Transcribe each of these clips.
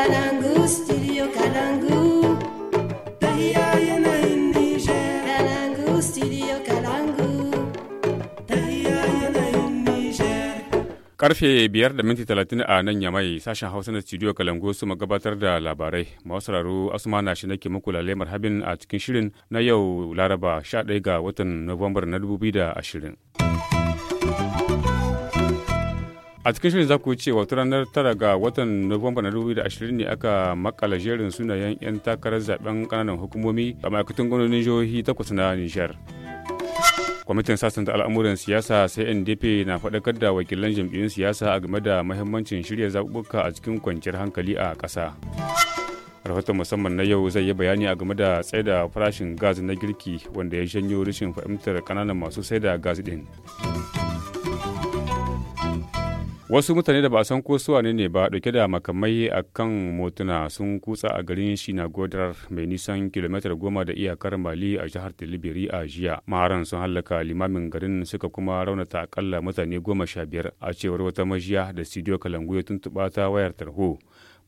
Kalangu, studio Kalangu. Karfe biyar da minti talatin a nan yamai sashen Hausa na studio Kalangu su gabatar da labarai. Masu raro Asmana shi nake muku lalemar habin a cikin shirin na yau Laraba sha 11 ga watan Nuwambar na da ashirin. a cikin shirin za ku ce wato ranar tara ga watan nuwamba na 2020 ne aka makala jerin sunayen 'yan takarar zaben kananan hukumomi a ma'aikatan gwamnonin jihohi takwas na nishar kwamitin sasanta al'amuran siyasa sai ndp na faɗakar da wakilan jam'iyyun siyasa a game da mahimmancin shirya zaɓuɓɓuka a cikin kwanciyar hankali a ƙasa rahoton musamman na yau zai yi bayani a game da da farashin gas na girki wanda ya shanyo rashin fahimtar kananan masu saida gas ɗin. Wasu mutane da ba a san ko su ne ba dauke da makamai a kan motuna sun kutsa a garin Shinagodar mai nisan kilomitar goma da iyakar Mali a jihar Tilibiri a jiya. Maharan sun hallaka limamin garin suka kuma raunata akalla mutane goma sha biyar a cewar wata majiya da sidiyo Kalangu ya tuntuɓa ta wayar tarho.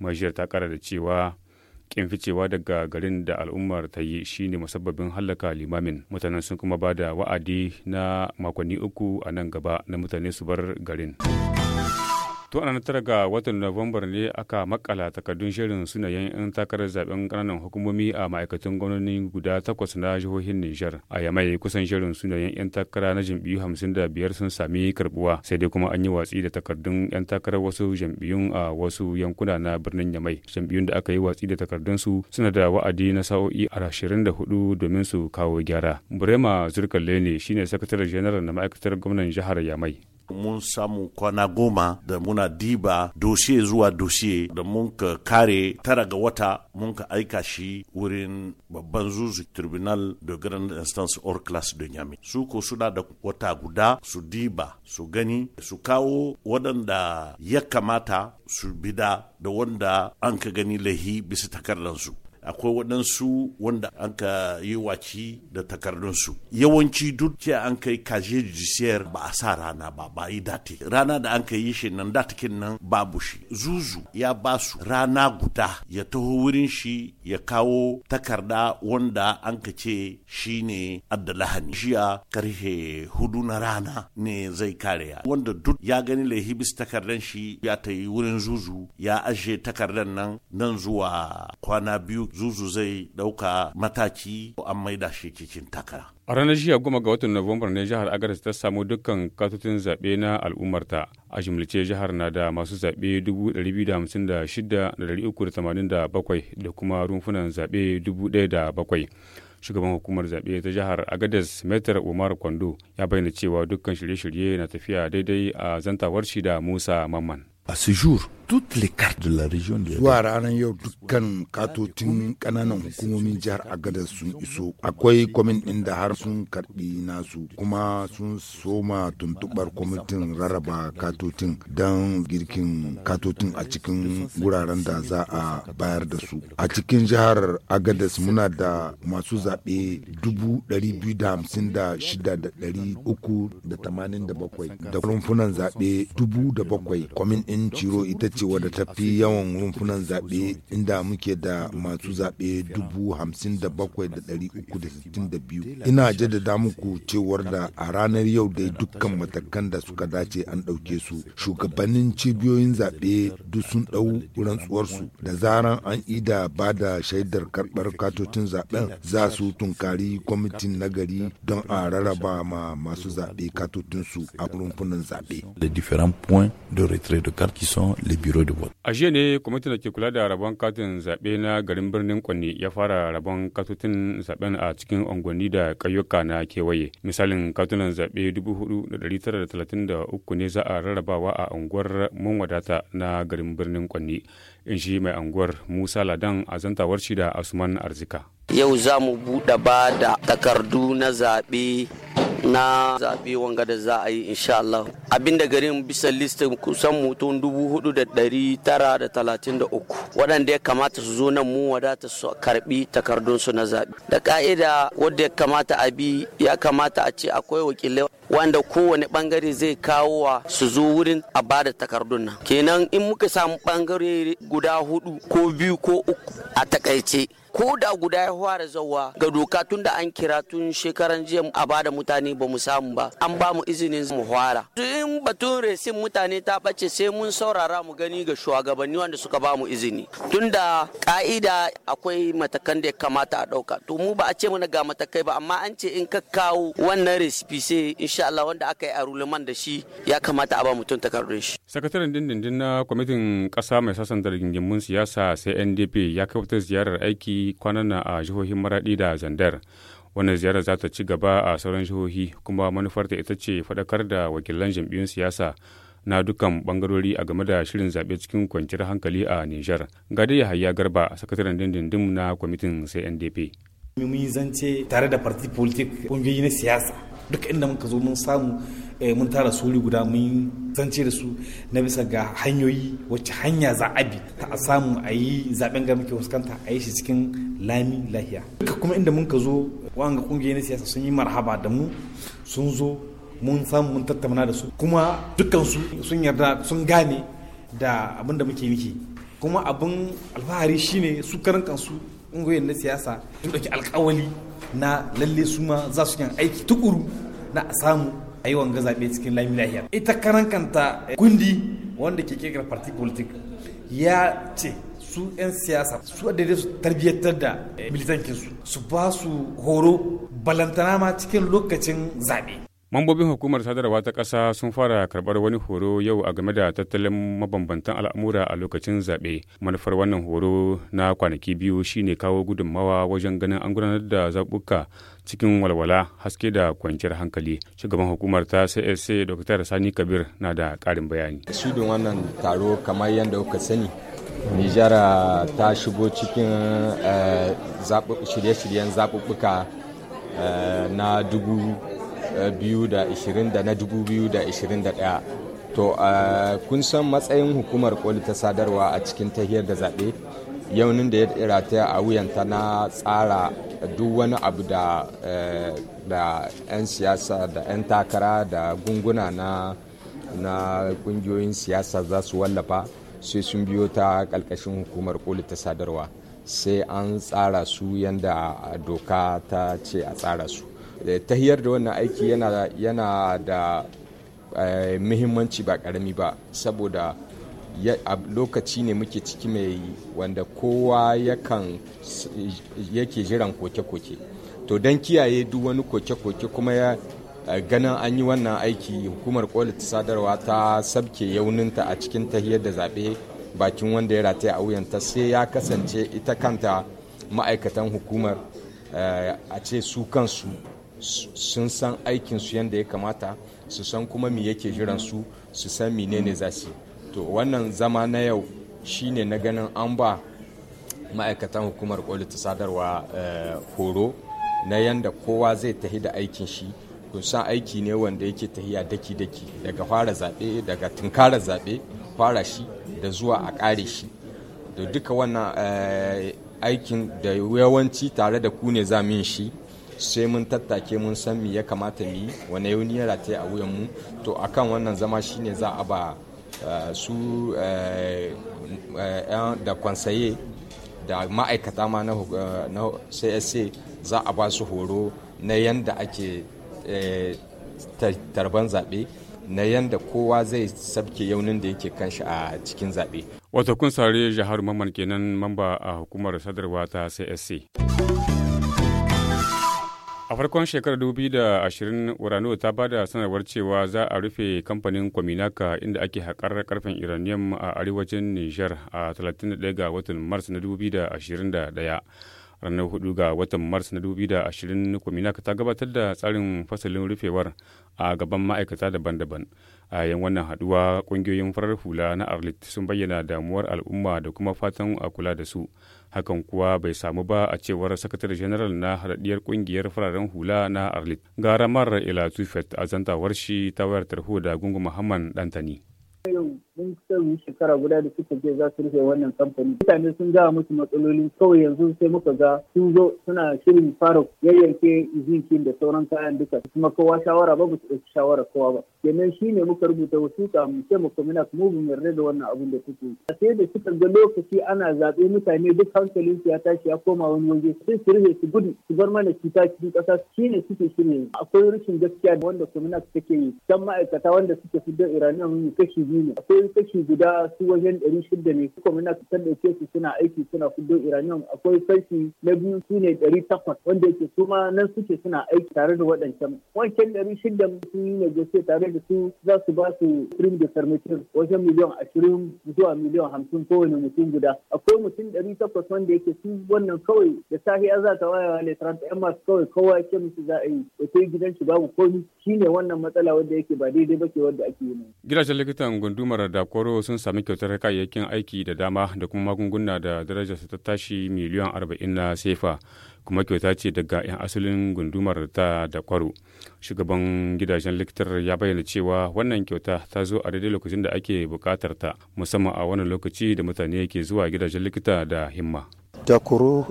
Majiyar ta kara da cewa kin ficewa daga garin da al'ummar ta yi shine musabbabin hallaka limamin mutanen sun kuma ba da wa'adi na makonni uku a nan gaba na mutane su bar garin. tun ana tara ga watan nuwambar ne aka makala takardun shirin sunayen 'yan takarar zaben kananan hukumomi a ma'aikatan gwamnoni guda takwas na jihohin nijar a yamai kusan shirin sunayen 'yan takara na jam'iyyu hamsin da biyar sun sami karbuwa sai dai kuma an yi watsi da takardun 'yan takarar wasu jam'iyyun a wasu yankuna na birnin yamai jam'iyyun da aka yi watsi da su suna da wa'adi na sa'o'i ashirin da hudu domin su kawo gyara burema zurkalle ne shine sakataren janar na ma'aikatar gwamnan jihar yamai mun samu kwana goma da muna diba dossier zuwa dossier. da mun ka kare tara ga wata mun ka aika shi wurin babban zuzu tribunal de grande instance or class de nyami su ko suna da wata guda su diba su gani su kawo waɗanda ya kamata su bida da wanda an ka gani lahi bisa takardansu akwai waɗansu wanda an ka yi waci da takardunsu yawanci duk ce an kai kaje judiciaire ba a sa rana ba ba yi date rana da an ka yi shi nan datakin nan babu shi zuzu ya ba su rana guda ya taho wurin shi ya kawo takarda wanda an ka ce shi ne addalahani shiya karhe hudu na rana ne zai kare wanda duk ya gani laihibis takardan shi ya ta yi wurin zuzu ya ashe takardan nan nan zuwa kwana biyu zuzu zai ɗauka mataki an maida shi cikin takara. A ranar jiya goma ga watan Nuwambar ne jihar Agadez ta samu dukkan katutun zaɓe na al'ummarta. A jimlice jihar na da masu zaɓe 256,387 da kuma rumfunan zaɓe 1,007. Shugaban hukumar zaɓe ta jihar Agadez Metar Umar Kwando ya bayyana cewa dukkan shirye-shirye na tafiya daidai a zantawar shi da Musa Mamman. A sujur. toutes les cartes de la région de Zuwa ranar yau dukkan katotin kananan hukumomin jihar Agada sun iso. Akwai kwamin ɗin da har sun karɓi nasu kuma sun soma tuntuɓar kwamitin rarraba katotin dan girkin katotin a cikin wuraren da za a bayar da su. A cikin jihar Agadas muna da masu zaɓe dubu ɗari biyu da hamsin da shida da ɗari uku da tamanin da bakwai da rumfunan zaɓe dubu da bakwai kwamin ɗin ciro ita ce wadda ta fi yawan rumfunan zaɓe inda muke da masu zaɓe dubu Ina jaddada muku cewar da a ranar yau dai dukkan matakan da suka dace an ɗauke su. Shugabannin cibiyoyin zaɓe duk sun ɗau rantsuwarsu da zaran an ida ba da shaidar karɓar katocin zaɓen za su tunkari kwamitin nagari don a rarraba ma masu zaɓe katotinsu a rumfunan zaɓe. biro da A jiya ne kwamitin da ke kula da rabon katin zaɓe na garin birnin Kwanne ya fara rabon katutun zaɓen a cikin unguwanni da ƙauyuka na kewaye. Misalin katunan zaɓe 4,933 ne za a rarrabawa a unguwar Munwadata na garin birnin Kwanne. in shi mai anguwar musa ladan a zantawar shi da asuman arzika yau za mu buɗe ba da takardu na zaɓe na zaɓe wanga da za a yi insha Allah da garin bisa listin kusan mutum dubu hudu da ɗari tara da talatin da uku waɗanda ya kamata su zo nan mu wadata su karɓi takardunsu na zaɓe da ƙa'ida wadda ya kamata a bi ya kamata a ce akwai wakilai wanda kowane bangare zai kawo wa su zo wurin a bada takardun nan kenan in muka samu bangare guda hudu ko biyu ko uku a takaice ko da guda ya fara zawa ga doka tun da an kira tun shekaran jiya a bada mutane ba mu samu ba an ba mu izinin mu fara in batun resin mutane ta bace sai mun saurara mu gani ga shugabanni wanda suka ba mu izini tun da ka'ida akwai matakan da ya kamata a dauka to mu ba a ce mana ga matakai ba amma an ce in ka kawo wannan recipe sai insha Allah wanda aka yi a ruluman da shi ya kamata a ba mu mutum takardun shi sakataren dindindin na kwamitin kasa mai sasanta rigingimun siyasa sai NDP ya kafa ziyarar aiki kwanan a jihohin Maraɗi da Zandar. Wannan ziyarar za ta ci gaba a sauran jihohi kuma manufarta ita ce faɗakar da wakilan jam'iyyun siyasa na dukkan bangarori a game da shirin zaɓe cikin kwanciyar hankali a Nijar. Gade Yahaya Garba, a sakataren dindindin na kwamitin CNDP. Mun yi zance tare da parti politik kungiyoyi na siyasa duka inda muka zo mun samu eh, mun tara suri guda mun zance da su na bisa ga hanyoyi wacce hanya za a bi ta a samu a yi zaben ga muke fuskanta a yi shi cikin lami lahiya duka kuma inda mun ka zo wanga kungiyar na siyasa sun yi marhaba da mu sun zo mun samu mun tattauna da su kuma su sun yarda sun gane da abin da muke miki kuma abin alfahari shine su karan kansu ƙungiyoyin na siyasa sun ɗauki alkawali na lalle su ma za su yin aiki tukuru na a samu a yi wanga zaɓe cikin lami lahiya ita karan kanta eh, kundi wanda ke kekar party politik ya ce su 'yan siyasa su daidai su tarbiyyatar da eh, militancinsu su su ba su horo balantana ma cikin lokacin zaɓe Mambobin hukumar sadarwa ta ƙasa sun fara karɓar wani horo yau a game da tattalin mabambantan al'amura a lokacin zaɓe. Manufar wannan horo na kwanaki biyu shine kawo gudunmawa wajen ganin an gudanar da zaɓuɓɓuka cikin walwala haske da kwanciyar hankali. Shugaban hukumar ta csc Dr. Sani Kabir na da ƙarin bayani. Shudin wannan taro kamar yadda kuka sani nijara ta shigo cikin eh, shirye-shiryen zaɓuɓɓuka eh, na dubu 2021 to kun san matsayin hukumar koli ta sadarwa a cikin tahiyar da zaɓe yaunin da ya ta a wuyanta na tsara duk wani abu e, da 'yan siyasa da 'yan takara da gunguna na na kungiyoyin siyasa za su wallafa sai sun biyo ta ƙalƙashin hukumar koli ta sadarwa sai an tsara su yadda doka ta ce a tsara su Eh, tahiyar da wannan aiki yana, yana da eh, muhimmanci ba karami ba saboda a lokaci ne muke ciki mai wanda kowa yakan yake jiran koke-koke to don kiyaye duk wani koke-koke kuma ya ganin an yi wannan aiki hukumar kwalita sadarwa ta sabke yauninta a cikin tahiyar da zaɓe bakin wanda ya rataya a wuyanta sai ya kasance ita kanta ma'aikatan hukumar eh, a ce su kansu sun san aikinsu yadda ya kamata su san kuma me yake jiran su Su san menene za su to wannan zama na yau shine na ganin an ba ma'aikatan hukumar koli ta sadarwa eh, horo na yadda kowa zai tahi da aikin shi Kun san aiki ne wanda yake tahiya daki-daki daga fara zaɓe daga tunkara zaɓe fara shi da zuwa a ƙare shi da duka wannan eh, aikin da yawanci tare da ku ne za min shi sai mun tattake mun san mi ya kamata mu yi wani yau ya rataya a wuyan mu to akan wannan zama shine za a ba eh, su eh, eh, da kwansaye da ma'aikata ma na CSA za a ba su horo na yanda ake tarban zaɓe na yanda kowa zai sabke yaunin da yake kanshi a cikin zaɓe. wata kun sare jihar Maman kenan mamba a hukumar sadarwa ta CSC. A farkon shekarar 2020 Urano ta ba da sanarwar cewa za a rufe kamfanin Kwaminaka inda ake haƙar karfen Iranium a arewacin Nijar a 31 ga watan Mars na 2021. ranar hudu ga watan mars na 2020 kwaminaka ta gabatar da tsarin fasalin rufewar a gaban ma'aikata daban-daban a yan wannan haduwa kungiyoyin farar hula na arlit sun bayyana damuwar al'umma da kuma fatan a kula da su hakan kuwa bai samu ba a cewar sakatare general na haɗaɗɗiyar kungiyar fararen hula na arlit ga ramar ila tufet a zantawar shi ta wayar tarho da gungun muhammad dantani sun kusan shekara guda da suka je za su rufe wannan kamfani mutane sun gawa musu matsaloli kawai yanzu sai muka ga sun zo suna shirin fara yayyanke izinkin da sauran kayan duka kuma kowa shawara ba su ɗauki shawara kowa ba kenan shi ne muka rubuta wasu mu ce mu kuma mu mu yarda da wannan abun da a sai da suka ga lokaci ana zaɓe mutane duk hankalin su ya tashi ya koma wani waje sai su rufe su gudu su bar mana cuta cikin ƙasa shi ne suke shirye akwai rashin gaskiya wanda kuma take yi can ma'aikata wanda suke fidda iraniyan kashi biyu ne akwai kashi guda su wajen ɗari shida ne su kwamina su san su suna aiki suna fudo iranian akwai kashi na biyu su ne ɗari takwas wanda yake su ma nan suke suna aiki tare da waɗancan wancan ɗari shida sun yi negotiate tare da su za su ba su trim da sarmitin wajen miliyan ashirin zuwa miliyan hamsin kowane mutum guda akwai mutum ɗari takwas wanda yake su wannan kawai da a za ta waya wa ta yan masu kawai kowa ya ce musu za a yi da sai gidan shi babu komi shine wannan matsala wanda yake ba daidai ba ke wanda ake yi. gidajen likitan gundumar da da kwaro sun sami kyautar kayayyakin aiki da dama da kuma magunguna da darajarsa ta tashi miliyan arba'in na sefa kuma kyauta ce daga 'yan asalin gundumar ta da kwaro shugaban gidajen likitar ya bayyana cewa wannan kyauta ta zo a daidai lokacin da ake bukatar ta musamman a wannan lokaci da mutane ke zuwa gidajen likita da himma Dakoro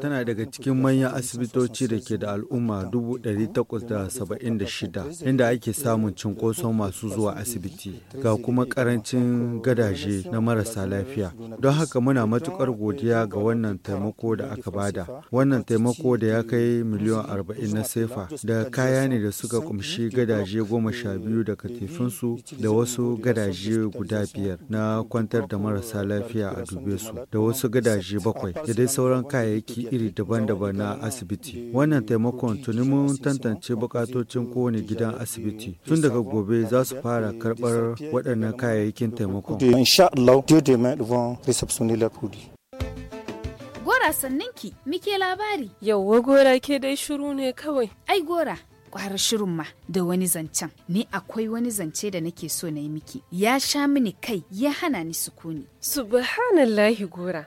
tana daga cikin manyan asibitoci da ke da al'umma 876 inda ake samun cinkoson masu zuwa asibiti ga kuma karancin gadaje na marasa lafiya. Don haka muna matukar godiya ga wannan taimako da aka bada. Wannan taimako da ya kai miliyan 40 na sefa da kaya ne da suka kumshi gadaje goma sha biyu da katifinsu da wasu gadaje guda biyar na kwantar da marasa lafiya a dube su da wasu gadaje bakwai da dai sauran kayayyaki iri daban-daban na asibiti. Wannan taimakon tuni mun tantance bukatocin kowane gidan asibiti. Tun daga gobe za su fara karbar waɗannan kayayyakin taimakon. Gora sannan sanninki, muke labari. Yauwa gora ke dai shiru ne kawai. Ai gora, kwara shirin ma da wani zancen ni akwai wani zance da nake so na yi miki ya sha mini kai ya hana ni sukuni subhanallahi gora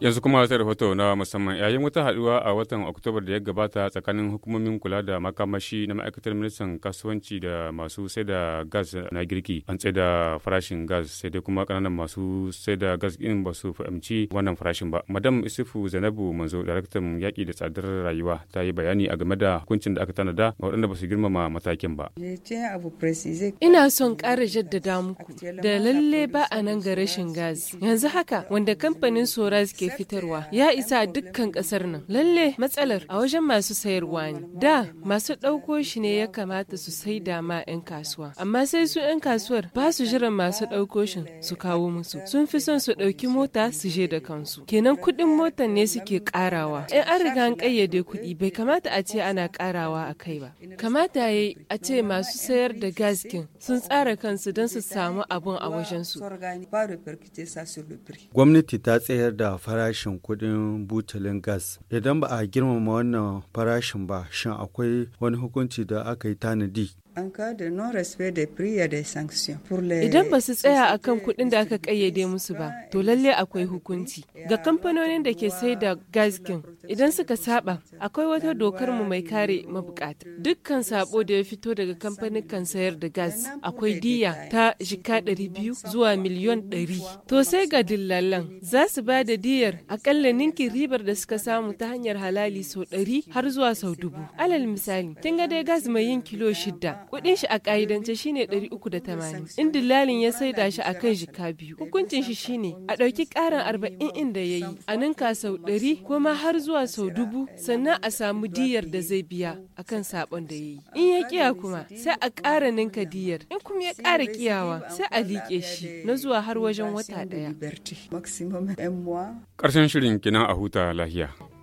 Yanzu kuma sai rahoto na musamman yayin wata haduwa a watan Oktobar da ya gabata tsakanin hukumomin kula da makamashi na ma'aikatar ministan kasuwanci da masu sai da gas na girki an tsaye da farashin gas sai dai kuma kananan masu sai da gas in ba su fahimci wannan farashin ba. Madam Isufu Zainabu Manzo daraktan yaƙi da tsadar rayuwa ta yi bayani a game da hukuncin da aka tanada ga waɗanda ba su girmama matakin ba. Ina son ƙara jaddada muku da lalle ba a nan ga rashin gas. Yanzu haka wanda kamfanin soras ke ke fitarwa ya isa dukkan kasar nan lalle matsalar a wajen masu sayarwa ne da masu ɗauko shi ne ya kamata su sai da ma 'yan kasuwa amma sai su 'yan kasuwar ba su jiran masu ɗauko shi su kawo musu sun fi son su ɗauki mota su je da kansu kenan kuɗin motar ne suke ƙarawa in an riga an ƙayyade kuɗi bai kamata a ce ana ƙarawa a kai ba kamata ya yi a ce masu sayar da gaskin sun tsara kansu don su samu abun a wajensu gwamnati ta tsayar da farashin kuɗin butulin gas. Idan ba a girmama wannan farashin ba, shin akwai wani hukunci da aka yi tanadi? Idan ba su tsaya a kan kuɗin da aka ƙayyade musu ba, to lalle akwai hukunci. Ga kamfanonin da ke sai da gaskin, idan suka saba, akwai wata dokar mu mai kare mabukata. Dukkan sabo da ya fito daga kamfanin kan sayar da gas, akwai diya ta jika ɗari biyu zuwa miliyon ɗari. To sai ga dillalan, za su ba da diyar akalla ninkin ribar da suka samu ta hanyar halali sau ɗari har zuwa sau dubu. Alal misali, kin ga dai gas mai yin kilo shidda Kudin shi a ƙa'idance shine ɗari uku 380. In dillalin ya saida shi a kan jika biyu. Hukuncin shi shine a ɗauki ƙarin arba'in inda ya yi, a ninka sau ɗari, kuma har zuwa sau dubu sannan a samu diyar da zai biya a kan saɓon da ya yi. In ya kiya kuma sai a ƙara ninka diyar. In kuma ya ƙara kiyawa sai a liƙe shi na zuwa har wajen wata ɗaya. Karshen shirin kina a huta lahiya.